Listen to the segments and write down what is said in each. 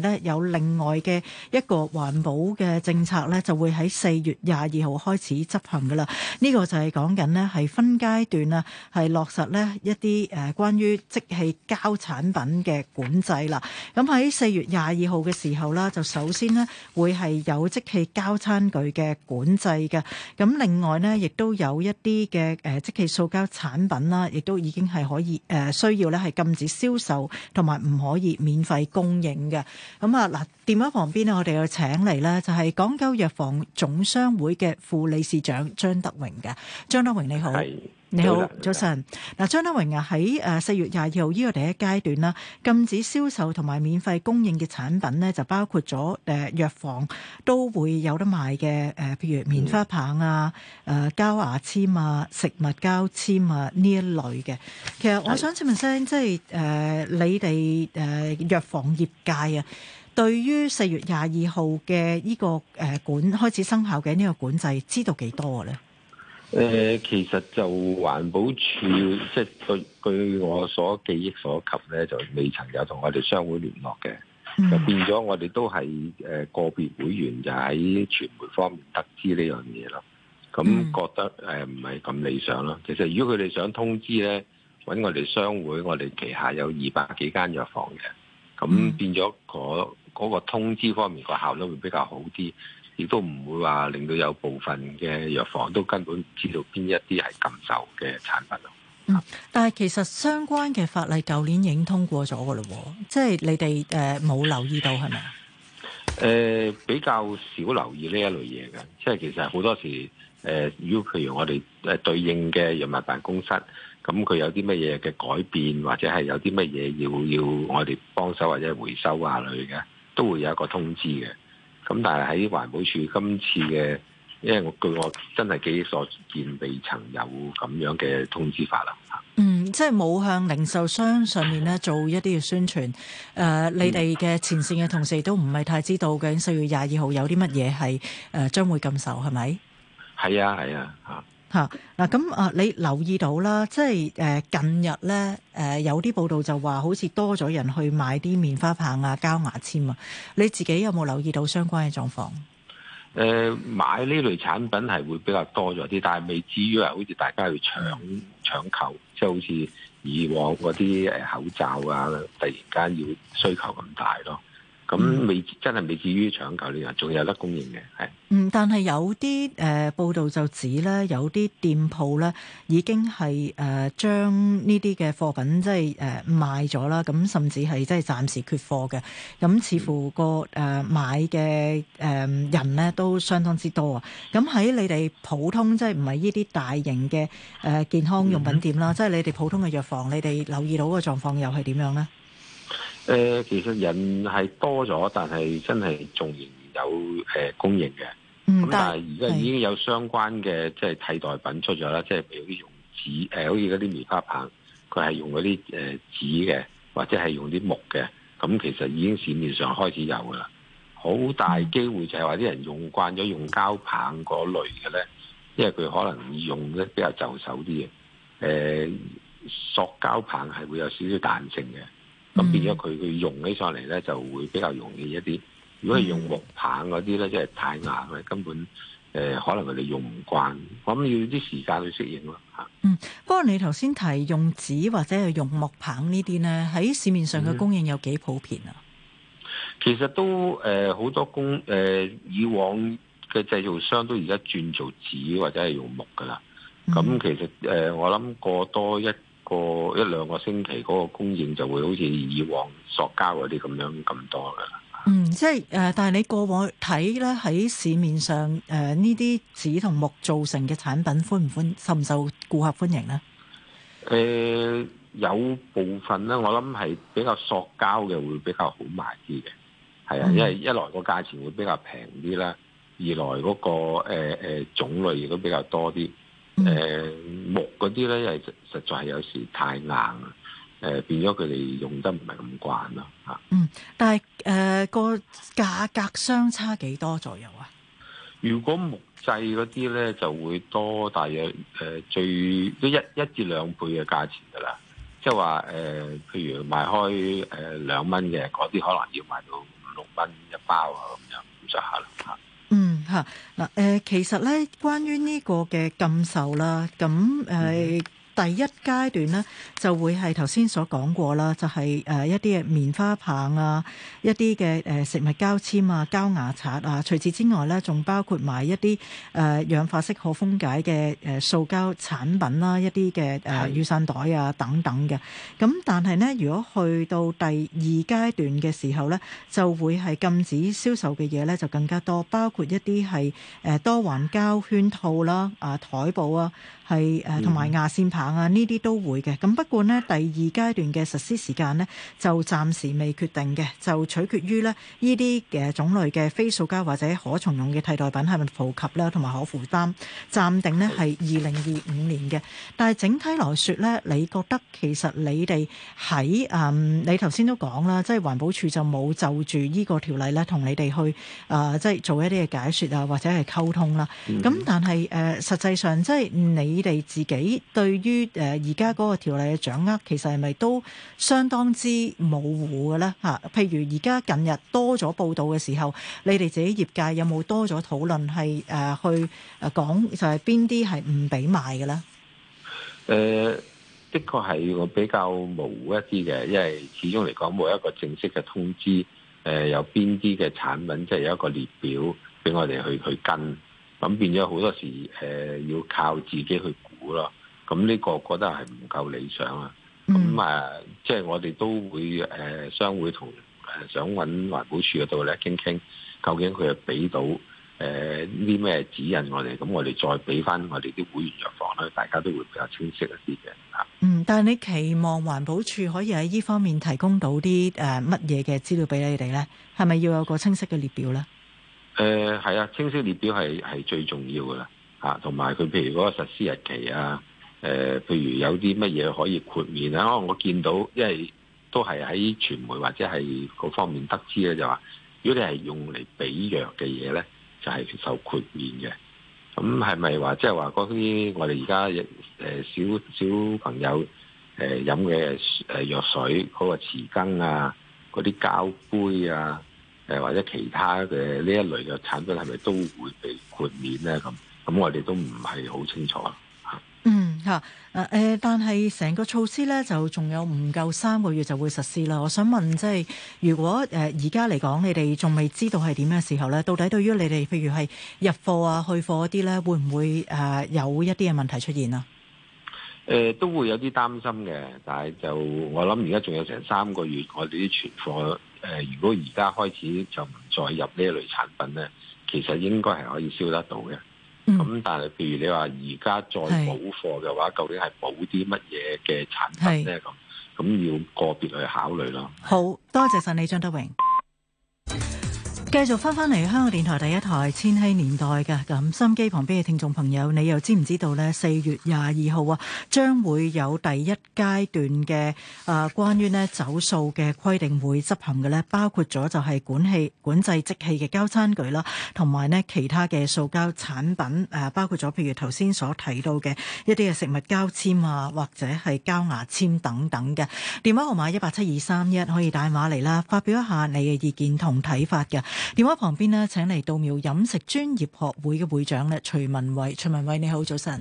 咧有另外嘅一個環保嘅政策咧，就會喺四月廿二號開始執行噶啦。呢個就係講緊咧，係分階段啊，係落實咧一啲誒關於即棄膠產品嘅管制啦。咁喺四月廿二號嘅時候啦，就首先咧會係有即棄膠餐具嘅管制嘅。咁另外咧，亦都有一啲嘅誒即棄塑膠產品啦，亦都已經係可以誒需要咧係禁止銷售同埋唔可以免費供應嘅。咁啊！嗱、嗯，電話旁邊呢我哋又請嚟咧，就係港九藥房總商會嘅副理事長張德榮㗎。張德榮你好。你好，早晨上。嗱，張德榮啊，喺誒四月廿二號依個第一階段啦，禁止銷售同埋免費供應嘅產品咧，就包括咗誒、呃、藥房都會有得賣嘅誒，譬、呃、如棉花棒啊、誒、嗯呃、膠牙籤啊、食物膠籤啊呢一類嘅。其實我想請問一聲，即係誒你哋誒、呃、藥房業界啊，對於四月廿二號嘅依個誒管、呃、開始生效嘅呢個管制，知道幾多嘅咧？誒、呃，其實就環保署，即係據據我所記憶所及咧，就未曾有同我哋商會聯絡嘅，就、mm hmm. 變咗我哋都係誒個別會員就喺傳媒方面得知呢樣嘢咯，咁覺得誒唔係咁理想咯。其實如果佢哋想通知咧，搵我哋商會，我哋旗下有二百幾間藥房嘅，咁變咗嗰、嗰個嗰個通知方面個效率會比較好啲。亦都唔會話令到有部分嘅藥房都根本唔知道邊一啲係禁售嘅產品咯。嗯，但係其實相關嘅法例舊年已經通過咗㗎喇，即係你哋誒冇留意到係咪？誒、呃、比較少留意呢一類嘢嘅，即係其實好多時誒，如果譬如我哋誒對應嘅藥物辦公室，咁佢有啲乜嘢嘅改變，或者係有啲乜嘢要要我哋幫手或者回收啊類嘅，都會有一個通知嘅。咁但係喺環保署今次嘅，因為我據我真係幾所見未曾有咁樣嘅通知法啦嚇。嗯，即係冇向零售商上面咧做一啲嘅宣傳。誒、嗯，你哋嘅前線嘅同事都唔係太知道究竟四月廿二號有啲乜嘢係誒將會禁售係咪？係啊係啊嚇。吓嗱咁啊！嗯、你留意到啦，即係誒近日咧誒有啲報道就話好似多咗人去買啲棉花棒啊、膠牙籤啊，你自己有冇留意到相關嘅狀況？誒，買呢類產品係會比較多咗啲，但係未至於話好似大家去搶搶購，即、就、係、是、好似以往嗰啲誒口罩啊，突然間要需求咁大咯。咁未、嗯、真係未至於搶購呢樣，仲有得供應嘅，係。嗯，但係有啲誒、呃、報道就指呢，有啲店鋪呢已經係誒、呃、將呢啲嘅貨品即係誒、呃、賣咗啦，咁甚至係即係暫時缺貨嘅。咁似乎個誒、呃、買嘅誒人呢都相當之多啊。咁喺你哋普通即係唔係呢啲大型嘅誒、呃、健康用品店啦，嗯嗯即係你哋普通嘅藥房，你哋留意到個狀況又係點樣呢？誒、呃，其實人係多咗，但係真係仲仍然有誒、呃、供應嘅。咁唔得，但係而家已經有相關嘅即係替代品出咗啦，即係譬如啲用紙誒，好似嗰啲棉花棒，佢係用嗰啲誒紙嘅，或者係用啲木嘅。咁其實已經市面上開始有啦。好大機會就係話啲人用慣咗用膠棒嗰類嘅咧，因為佢可能用得比較就手啲嘅。誒、呃，塑膠棒係會有少少彈性嘅。咁、嗯、變咗佢佢用起上嚟咧，就會比較容易一啲。如果係用木棒嗰啲咧，嗯、即係太硬嘅，根本誒、呃、可能佢哋用唔慣。咁要啲時間去適應咯嚇。嗯，不過你頭先提用紙或者係用木棒這些呢啲咧，喺市面上嘅供應有幾普遍啊？嗯、其實都誒好、呃、多工誒、呃、以往嘅製造商都而家轉做紙或者係用木噶啦。咁、嗯、其實誒、呃、我諗過多一。個一兩個星期嗰個供應就會好似以往塑膠嗰啲咁樣咁多噶。嗯，即係誒，但係你過往睇咧，喺市面上誒呢啲紙同木造成嘅產品歡唔歡受唔受顧客歡迎咧？誒，有部分咧，我諗係比較塑膠嘅會比較好賣啲嘅。係啊，因為一來個價錢會比較平啲啦，二來嗰個誒誒種類亦都比較多啲。誒、嗯呃，木嗰啲咧，又實實在係有時太硬，誒、呃，變咗佢哋用得唔係咁慣咯，吓。嗯，但係誒個價格相差幾多左右啊？如果木製嗰啲咧，就會多大約誒、呃、最都一一至兩倍嘅價錢噶啦，即係話誒，譬如賣開誒兩蚊嘅，嗰、呃、啲可能要賣到五六蚊一包啊，咁樣咁就下啦，吓。嗱，誒其實咧，關於呢個嘅禁售啦，咁第一階段咧就會係頭先所講過啦，就係誒一啲嘅棉花棒啊，一啲嘅食物膠籤啊、膠牙刷啊。除此之外咧，仲包括埋一啲氧化式可分解嘅塑膠產品啦，一啲嘅誒雨傘袋啊等等嘅。咁是但係咧，如果去到第二階段嘅時候咧，就會係禁止銷售嘅嘢咧就更加多，包括一啲係多環膠圈套啦、啊台布啊，係誒同埋牙線棒。啊！呢啲都會嘅，咁不過咧，第二階段嘅實施時間咧，就暫時未決定嘅，就取決於咧呢啲嘅種類嘅非塑膠或者可重用嘅替代品係咪普及咧，同埋可負擔，暫定咧係二零二五年嘅，但係整體來說咧，你覺得其實你哋喺啊，你頭先都講啦，即係環保署就冇就住呢個條例咧，同你哋去啊、呃，即係做一啲嘅解說啊，或者係溝通啦。咁、嗯、但係誒、呃，實際上即係你哋自己對於。於誒，而家嗰個條例嘅掌握，其實係咪都相當之模糊嘅咧？吓，譬如而家近日多咗報道嘅時候，你哋自己業界有冇多咗討論，係誒去誒講就係邊啲係唔俾賣嘅咧？誒，的確係我比較模糊一啲嘅，因為始終嚟講冇一個正式嘅通知，誒有邊啲嘅產品即係有一個列表俾我哋去去跟，咁變咗好多時誒要靠自己去估咯。咁呢個覺得係唔夠理想啦。咁誒，即係、嗯嗯就是、我哋都會誒，商會同誒想揾環保署嗰度咧傾傾，究竟佢俾到誒啲咩指引我哋？咁我哋再俾翻我哋啲會員藥房咧，大家都會比較清晰一啲嘅。嗯，但係你期望環保署可以喺呢方面提供到啲誒乜嘢嘅資料俾你哋咧？係咪要有個清晰嘅列表咧？誒係、呃、啊，清晰列表係係最重要噶啦嚇，同埋佢譬如嗰個實施日期啊。誒，譬、呃、如有啲乜嘢可以豁免呢啊？我見到因為都係喺傳媒或者係嗰方面得知咧，就話如果你係用嚟俾藥嘅嘢咧，就係、是、受豁免嘅。咁係咪話即係話嗰啲我哋而家誒小小朋友誒、呃、飲嘅誒藥水嗰、那個匙羹啊，嗰啲膠杯啊，誒、呃、或者其他嘅呢一類嘅產品係咪都會被豁免咧？咁咁我哋都唔係好清楚。嚇！誒、嗯，但係成個措施咧就仲有唔夠三個月就會實施啦。我想問，即係如果誒而家嚟講，你哋仲未知道係點嘅時候咧，到底對於你哋譬如係入貨啊、去貨嗰啲咧，會唔會誒、呃、有一啲嘅問題出現啊？誒、呃、都會有啲擔心嘅，但係就我諗而家仲有成三個月，我哋啲存貨誒、呃，如果而家開始就唔再入呢一類產品咧，其實應該係可以燒得到嘅。咁、嗯、但係，譬如你話而家再補貨嘅話，是究竟係補啲乜嘢嘅產品咧？咁咁是要個別去考慮咯。好多謝晒你，張德榮。繼續翻翻嚟香港電台第一台《千禧年代》嘅。咁，心機旁邊嘅聽眾朋友，你又知唔知道呢？四月廿二號啊，將會有第一階段嘅誒、啊，關於呢走數嘅規定會執行嘅呢，包括咗就係管氣、管制即棄嘅膠餐具啦，同埋呢其他嘅塑膠產品誒、啊，包括咗譬如頭先所提到嘅一啲嘅食物膠籤啊，或者係膠牙籤等等嘅。電話號碼一八七二三一，可以打電話嚟啦，發表一下你嘅意見同睇法嘅。電話旁邊咧，請嚟稻苗飲食專業學會嘅會長咧，徐汶緯。徐汶緯你好，早晨。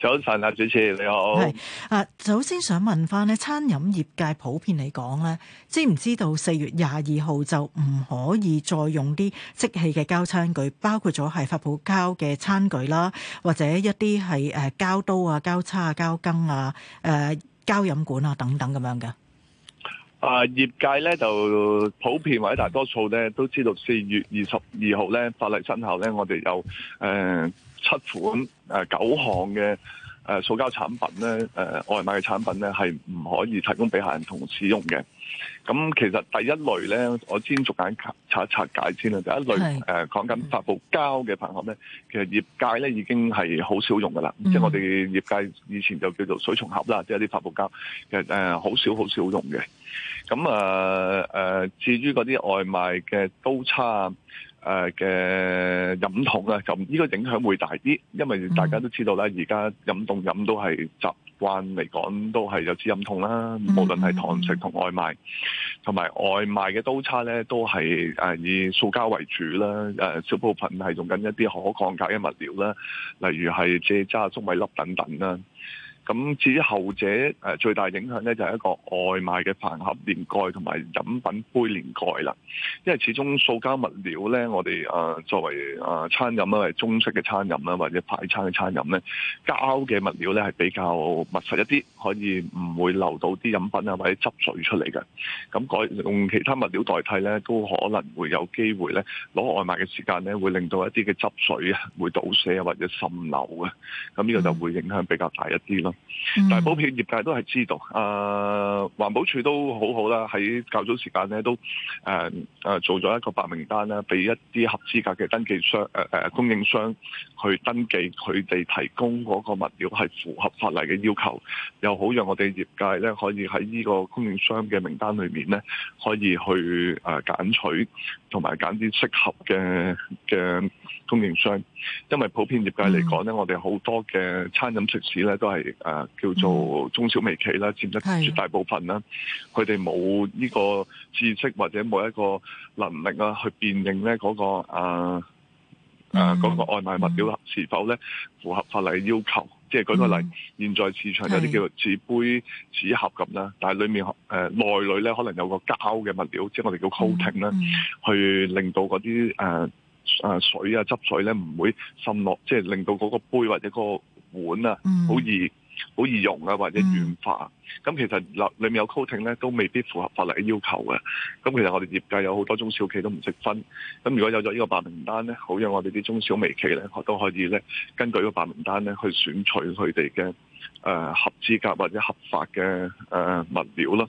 早晨啊，主持你好。係啊，首先想問翻咧，餐飲業界普遍嚟講咧，知唔知道四月廿二號就唔可以再用啲即棄嘅膠餐具，包括咗係發泡膠嘅餐具啦，或者一啲係誒膠刀啊、膠叉啊、膠羹啊、誒膠飲管啊等等咁樣嘅。啊！業界咧就普遍或者大多數咧都知道4月22日呢，四月二十二號咧法例生效咧，我哋有誒、呃、七款誒、呃、九項嘅誒、呃、塑膠產品咧誒、呃、外賣嘅產品咧係唔可以提供俾客人同使用嘅。咁其實第一類咧，我先逐解拆一拆解先啦。第一類誒講緊發泡膠嘅朋友咧，其實業界咧已經係好少用噶啦。嗯、即係我哋業界以前就叫做水松盒啦，即係啲發泡膠其實誒好、呃、少好少用嘅。咁啊誒，至於嗰啲外賣嘅刀叉啊、嘅、呃、飲筒啊，就呢個影響會大啲，因為大家都知道啦，而家飲凍飲都係集。關嚟講都係有紙飲筒啦，無論係堂食同外賣，同埋外賣嘅刀叉咧都係誒以塑膠為主啦，誒小部分係用緊一啲可降解嘅物料啦，例如係蔗渣、粟米粒等等啦。咁至於後者誒最大影響咧，就係一個外賣嘅飯盒連蓋同埋飲品杯連蓋啦。因為始終塑膠物料咧，我哋誒作為誒餐飲啦，係中式嘅餐飲啦，或者快餐嘅餐飲咧，膠嘅物料咧係比較密實一啲，可以唔會漏到啲飲品啊或者汁水出嚟嘅。咁改用其他物料代替咧，都可能會有機會咧攞外賣嘅時間咧，會令到一啲嘅汁水啊會倒瀉啊或者滲漏啊，咁呢個就會影響比較大一啲咯。嗯、但係，普遍業界都係知道，啊，環保署都好好啦。喺較早時間咧，都、啊、誒、啊、做咗一個白名單咧，俾一啲合資格嘅登記商誒、啊啊、供應商去登記，佢哋提供嗰個物料係符合法例嘅要求，又好讓我哋業界咧可以喺呢個供應商嘅名單裏面咧，可以去揀取，同埋揀啲適合嘅嘅供應商。因為普遍業界嚟講咧，我哋好多嘅餐飲食肆咧都係。誒、啊、叫做中小微企啦，嗯、佔得絕大部分啦。佢哋冇呢個知識或者冇一個能力啊，去辨認咧嗰個誒、啊、誒、嗯啊嗰個、外賣物料是否咧符合法例要求。即係、嗯、舉個例，嗯、現在市場有啲叫做紙杯紙盒咁啦，是但係裡面誒、呃、內裏咧可能有個膠嘅物料，即、就、係、是、我哋叫 coating 啦，嗯、去令到嗰啲誒水啊、汁水咧唔會滲落，即、就、係、是、令到嗰個杯或者個碗啊好、嗯、易。好易溶啊，或者軟化，咁、mm. 其實嗱，裏面有 coating 咧，都未必符合法律嘅要求嘅。咁其實我哋業界有好多中小企都唔識分，咁如果有咗呢個白名單咧，好有我哋啲中小微企咧，我都可以咧根據呢個白名單咧去選取佢哋嘅誒合資格或者合法嘅誒物料咯。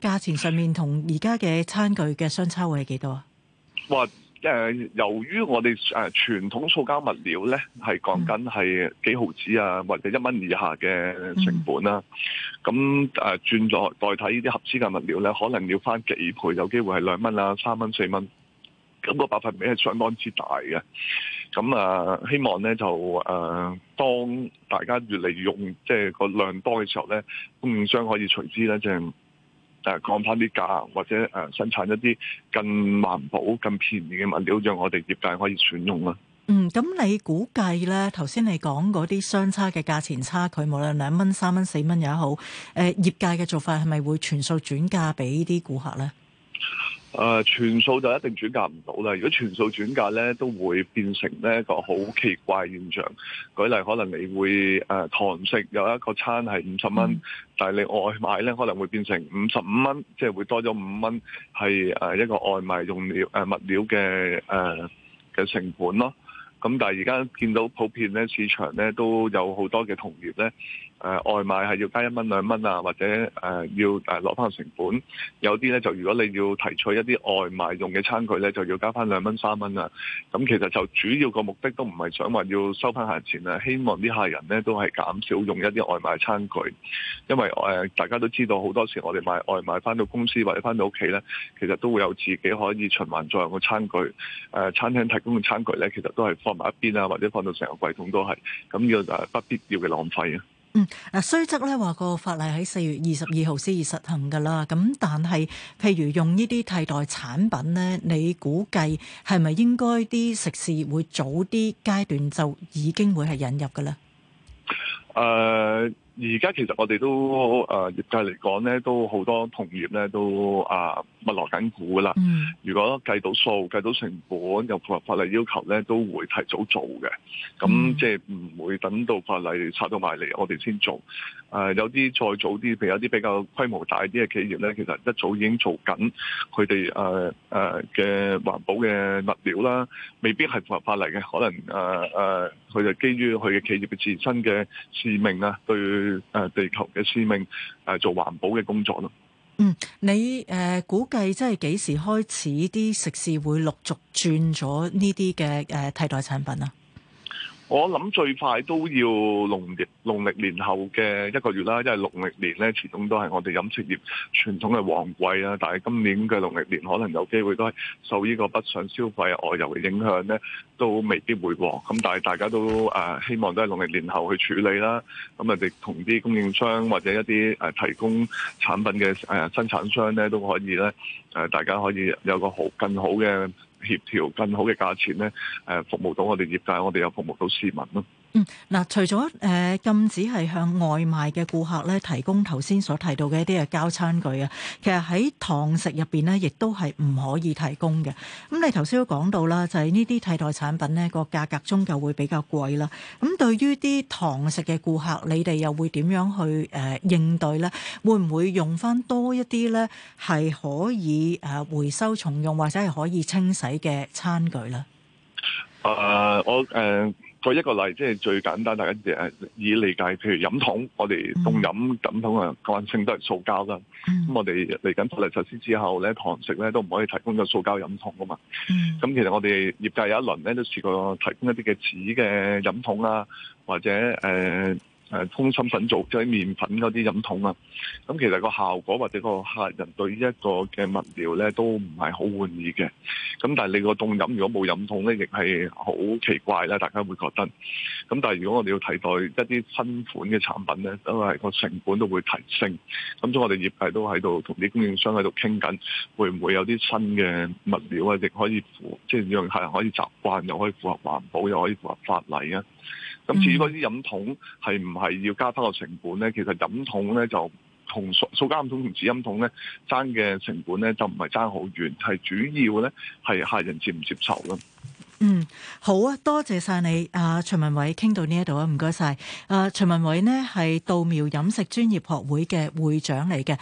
價錢上面同而家嘅餐具嘅相差會係幾多啊？哇、嗯！誒、嗯，由於我哋誒傳統塑膠物料咧，係講緊係幾毫子啊，或者一蚊以下嘅成本啦、啊。咁、嗯、誒、啊、轉咗代替呢啲合資嘅物料咧，可能要翻幾倍，有機會係兩蚊啦、三蚊、四蚊。咁、那個百分比係相當之大嘅。咁啊，希望咧就誒、啊，當大家越嚟越用，即、就、係、是、個量多嘅時候咧，供應商可以隨之咧即係。誒，降翻啲價，或者誒生產一啲更環保、更便宜嘅物料，讓我哋業界可以選用啦。嗯，咁你估計咧，頭先你講嗰啲相差嘅價錢差距，無論兩蚊、三蚊、四蚊也好，誒，業界嘅做法係咪會全數轉嫁俾啲顧客咧？誒、呃、全數就一定轉嫁唔到啦。如果全數轉嫁呢，都會變成呢一個好奇怪現象。舉例，可能你會誒、呃、堂食有一個餐係五十蚊，mm. 但係你外賣呢，可能會變成五十五蚊，即、就、係、是、會多咗五蚊係一個外賣用料物料嘅誒嘅成本咯。咁但係而家見到普遍呢市場呢，都有好多嘅同業呢。誒、呃、外賣係要加一蚊兩蚊啊，或者誒、呃、要誒攞翻個成本。有啲咧就如果你要提取一啲外賣用嘅餐具咧，就要加翻兩蚊三蚊啊。咁、嗯、其實就主要個目的都唔係想話要收翻客錢啊，希望啲客人咧都係減少用一啲外賣餐具，因為誒、呃、大家都知道好多時我哋買外賣翻到公司或者翻到屋企咧，其實都會有自己可以循環再用嘅餐具。誒、呃、餐廳提供嘅餐具咧，其實都係放埋一邊啊，或者放到成個櫃桶都係，咁要個、啊、不必要嘅浪費啊。嗯，嗱，雖則咧話個法例喺四月二十二號先至實行噶啦，咁但係，譬如用呢啲替代產品咧，你估計係咪應該啲食肆會早啲階段就已經會係引入噶啦？誒、uh。而家其實我哋都誒、呃、業界嚟講咧，都好多同業咧都啊物落緊股噶啦。蜜蜜蜜 mm. 如果計到數、計到成本，又符合法例要求咧，都會提早做嘅。咁、mm. 即係唔會等到法例拆到埋嚟，我哋先做。誒、呃、有啲再早啲，譬如有啲比較規模大啲嘅企業咧，其實一早已經做緊佢哋誒嘅環保嘅物料啦，未必係符合法例嘅，可能誒誒。呃呃佢就基於佢嘅企業嘅自身嘅使命啊，對誒地球嘅使命誒做環保嘅工作咯。嗯，你誒估計即係幾時開始啲食肆會陸續轉咗呢啲嘅誒替代產品啊？我諗最快都要農曆農曆年後嘅一個月啦，因為農曆年呢，始終都係我哋飲食業傳統嘅旺季啦。但係今年嘅農曆年可能有機會都係受呢個不想消費、外遊嘅影響呢，都未必會旺。咁但係大家都誒、呃、希望都係農曆年後去處理啦。咁啊，亦同啲供應商或者一啲誒提供產品嘅誒、呃、生產商呢，都可以呢，誒、呃，大家可以有個好更好嘅，協調更好嘅價錢咧，誒服務到我哋業界，我哋又服務到市民咯。嗯，嗱，除咗誒禁止係向外賣嘅顧客咧提供頭先所提到嘅一啲誒膠餐具啊，其實喺堂食入邊咧，亦都係唔可以提供嘅。咁你頭先都講到啦，就係呢啲替代產品呢個價格終究會比較貴啦。咁對於啲堂食嘅顧客，你哋又會點樣去誒、呃、應對呢？會唔會用翻多一啲呢？係可以誒回收重用或者係可以清洗嘅餐具呢？誒、uh, uh，我誒。舉一個例，即係最簡單，大家以理解，譬如飲桶，我哋凍飲感桶啊，慣性都係塑膠啦。咁、mm. 我哋嚟緊法律實施之後咧，堂食咧都唔可以提供咗塑膠飲桶噶嘛。咁、mm. 其實我哋業界有一輪咧都試過提供一啲嘅紙嘅飲桶啦、啊，或者誒。呃誒、啊、通心粉做即係麵粉嗰啲飲桶啊，咁其實個效果或者個客人對於一個嘅物料咧都唔係好滿意嘅。咁但係你個凍飲如果冇飲桶咧，亦係好奇怪啦，大家會覺得。咁但係如果我哋要替代一啲新款嘅產品咧，因為個成本都會提升。咁所以我哋業界都喺度同啲供應商喺度傾緊，會唔會有啲新嘅物料啊，亦可以即係讓客人可以習慣，又可以符合環保，又可以符合法例啊？咁、嗯、至於嗰啲飲桶係唔係要加翻個成本咧？其實飲桶咧就同塑塑膠飲桶同紙飲桶咧爭嘅成本咧就唔係爭好遠，係主要咧係客人接唔接受咯。嗯，好啊，多謝晒你，阿、啊、徐汶緯傾到呢一度啊，唔該晒。誒，徐汶緯呢，係稻苗飲食專業學會嘅會長嚟嘅。